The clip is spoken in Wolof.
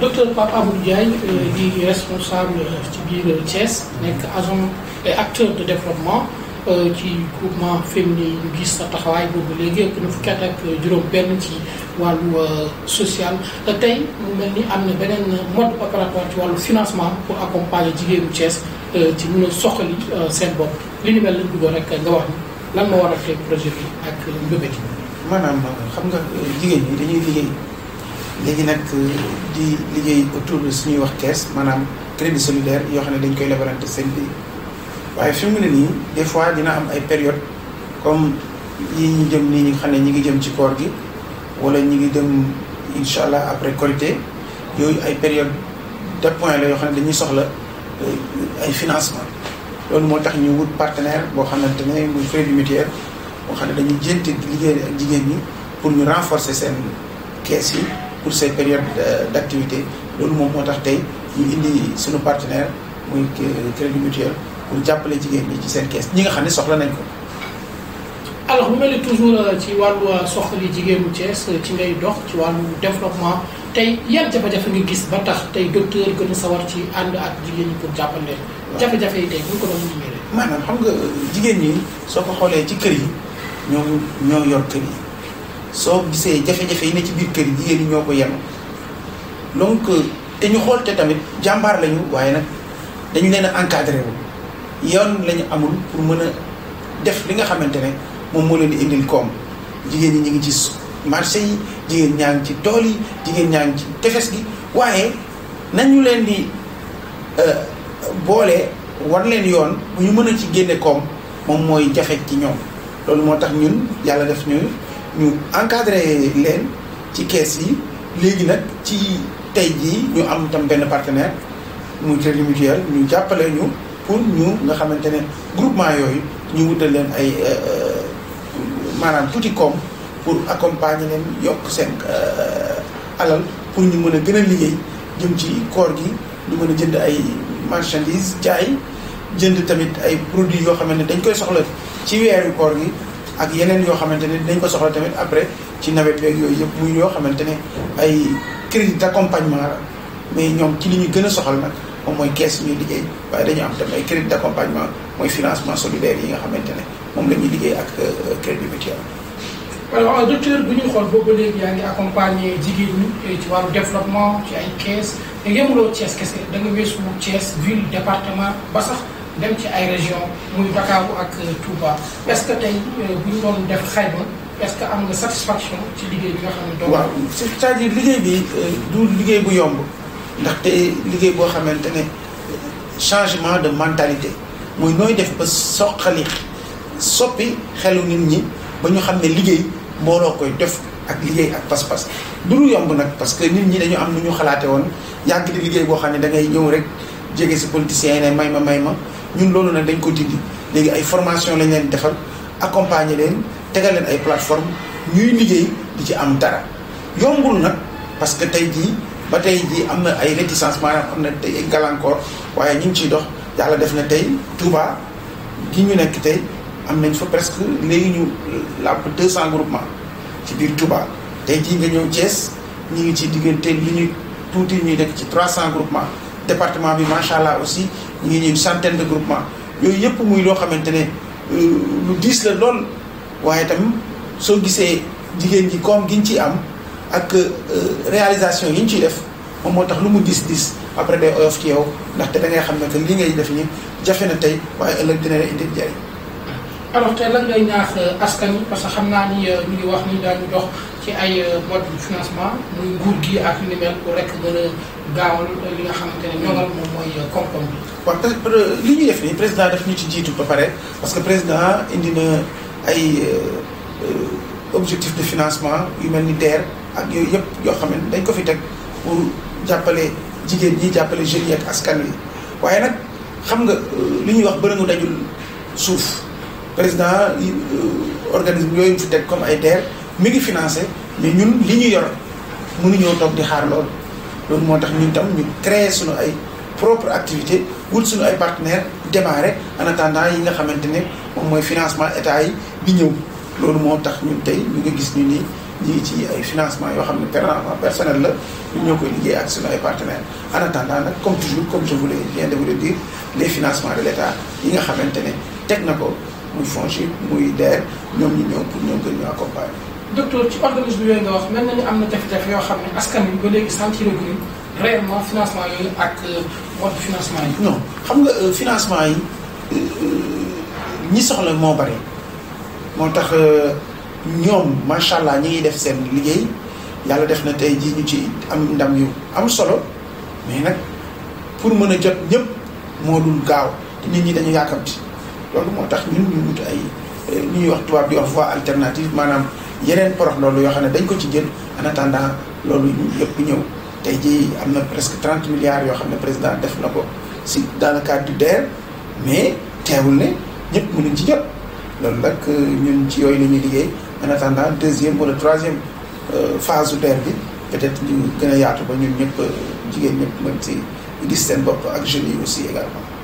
docteur Pape Amadou Ndiaye euh, di responsable euh, ci biir euh, Thiès nekk agent et acteur de développement ci groupement féminin ñu gis sa taxawaay boobu léegi ëpp na fukki at ak juróom benn ci wàllu social tey mu mel ni am na beneen mode opératoire ci wàllu financement pour accompagner jigéenu Thiès ci mun a soxali seen bopp li ni mel lañ duggoon rek nga wax ni lan moo war a tey projet bi ak mbébét yi maanaam xam nga jigéen ñi dañuy liggéey léegi nag euh, di liggéey autour de suñuy wax kees maanaam crédit solidaire yoo xam ne dañ koy lebalante seen bi waaye fi mu nii des fois dina am ay période comme yi ñu jëm nii xam ne ñi ngi jëm ci koor gi wala ñi ngi dem incha allah après Korité yooyu ay période de point la yoo xam ne dañuy soxla euh, ay financement loolu moo tax ñu wut partenaire boo xamante ne muy crédit mutuel moo xam ne dañuy jénte liggéey ak jigéen ñi pour ñu renforcer seen kees yi pour ces périodes euh, d' activité loolu moom moo tax tey ñu indi suñu partenaire muy crédit mutuel pour jàppale jigéen ñi ci seen kees ñi nga xam ne soxla nañ ko. alors mu mel ni toujours euh, ci wàllu euh, soxali jigéenu Thiès ci ngay dox ci wàllu développement tey yan jafe-jafe nga gis ba tax tey docteur gën a sawar ci ànd ak jigéen ñi pour jàppale leen. jafe-jafe yi tey bu ñu ko doon numérer. maanaam xam nga jigéen ñi soo ko xoolee ci kër yi ñoom ñoo yor kër yi. soo gisee jafe-jafe yi ne ci biir kër yi jigéen ñi ñoo ko yenu donc euh, te ñu xool te tamit jàmbaar lañu waaye nag dañu leen a encadré wu yoon lañu amul pour mën a def li nga xamante ne moom moo leen di indil koom jigéen ñi ñu ngi ci marché yi jigéen ñaa ngi ci tool yi jigéen ñaa ngi ci tefes gi waaye nañu leen di euh, boole war leen yoon bu ñu mën a ci génne koom moom mooy jafe ci ñoom loolu moo tax ñun yàlla def ñu ñu encadré leen ci kees yi léegi nag ci tey jii ñu am tam benn partenaire mu crédit mutuel ñu jàppale ñu pour ñu nga xamante ne groupement yooyu ñu wutal leen ay euh, euh, maanaam tuuti koom pour accompagner leen yokk seen euh, alal pour ñu mën a gën a liggéey jëm ci koor gi ñu mën a jënd ay marchandise ay jënd tamit ay produits yoo xam ne dañ koy soxla ci weeri koor gi ak yeneen yoo xamante ne dinañ ko soxla tamit après ci nawet beeg yooyu yëpp muy yoo xamante ne ay crédit d'accompagnement la mais ñoom ci li ñu gën a soxla nag moom mooy kees ñuy liggéey waaye dañu am tamit ay crédit d'accompagnement mooy financement solidaire yi nga xamante ne moom la ñuy liggéey ak euh, crédit mutuel. alors euh, docteur bu ñuy xool boobu léegi yaa ngi accompagner jigéen ñi euh, ci wàllu développement ci ay kees te yemuloo Thiès da nga weesu Thiès ville département ba dem ci ay région muy Ndakaaru ak euh, Touba est-ce que tey euh, bu ñu doon def xayma est-ce que am nga satisfaction ci liggéey bi nga xam ne. waaw c'est-à-dire liggéey bi euh, du liggéey bu yomb ndaxte liggéey boo xamante ne changement de mentalité mooy nooy def ba soqali soppi xelu nit ñi ba ñu xam ne liggéey mbooloo koy def ak liggéey ak pas-pas du lu yomb nag parce que nit ñi dañu am nu ñu xalaate woon yàgg di liggéey boo xam ne da ngay ñëw rek jege si politiciens yi ne may ma may ma. ñun loolu nag dañ ko dindi léegi ay formation lañ leen defal accompagner leen tegal leen ay plateforme ñuy liggéey di ci am dara yombul nag parce que tey jii ba tey jii am na ay réticence maanaam am na tey gàllankoor waaye ñu ngi ciy dox yàlla def na tey Touba gi ñu nekk tey am nañ fa presque léegi ñu làpp 200 groupement ci biir Touba tey jii nga ñëw cees ñu ngi ci diggante li ñu tuuti ñuy nekk ci trois 300 groupement département bi macha allah aussi ñu ngi ñuy centaine de groupement yooyu yëpp muy loo xamante ne euh, lu diis la lool waaye tamit soo gisee jigéen ji koom giñ ci am ak euh, réalisation yi ñu ciy def moom moo tax lu mu diis diis après day oyof ci yow ndaxte da ngay xam ne que li ngay def nii jafe na tey waaye ëllëg dina la indi njëriñ. alors te lan ngay ñaax euh, askan yi parce que xam naa ni euh, ñu ngi wax ni ñu dox ci ay euh, mode de financement muy nguur gi ak ni mel pour rek gën a gaawal li nga xamante ne ñoŋal mooy koom-koom bi. waaw li ñuy def nii ci jiitu ba pare parce que président indi na ay objectif de financement yu mel ni DER ak yooyu yëpp yoo xam dañ ko fi teg pour jàppale jigéen ñi jàppale jeunes askan wi waaye nag xam nga li ñuy wax bëri na dajul suuf. président yi euh, organisme yooyu fi teg comme ay terre mi ngi financé mais ñun li ñu yor mënuñoo toog di xaar loolu loolu moo tax ñun tam ñu créer suñu ay propre activité wut suñu ay partenaires démarrer en attendant yi nga xamante ne moom mooy financement état yi bi ñëw loolu moo tax ñun tey ñu ngi gis ñu nii ñu ngi ci ay financement yoo xam ne financement personnel la ñun ñoo koy liggéey ak suñu ay partenaires en attendant nag comme toujours comme je voulais viens de vous les financements de l' yi nga xamante ne teg na ko muy FONGIP muy DER ñoom ñu ñëw pour ñoom gën ñu accompagner. docteur ci organisme yooyu nga wax mel na ni am na jafe-jafe yoo xam ne askan wi ba léegi sentir ko ni réellement financement ak wàllu euh, financement yi. non xam nga euh, financement yi euh, ñi soxla moo bari moo tax ñoom macha allah ñi ngi def seen liggéey yàlla def na tey jii ñu ci am ndam yu am solo mais nag pour mën a jot ñëpp moo dul gaaw te nit ñi dañu yàkkamti. loolu moo tax ñun ñu wut ay eh, li ñuy wax tubaab di wax voie alternative maanaam yeneen porox loolu yoo xam ne dañ ko ci jël en attendant ñu yëpp ñëw tey jii am na presque trente milliards yoo xam ne président def na ko si dans le cadre du DER mais teewul ne ñëpp mënuñ ci jot loolu nag euh, ñun ci yooyu la ñuy liggéey en deuxième wala troisième euh, phase su DER bi peut-être ñu gën a yaatu ba ñun ñëpp euh, jigéen ñëpp mën si gis seen bopp ak jeunes yi aussi également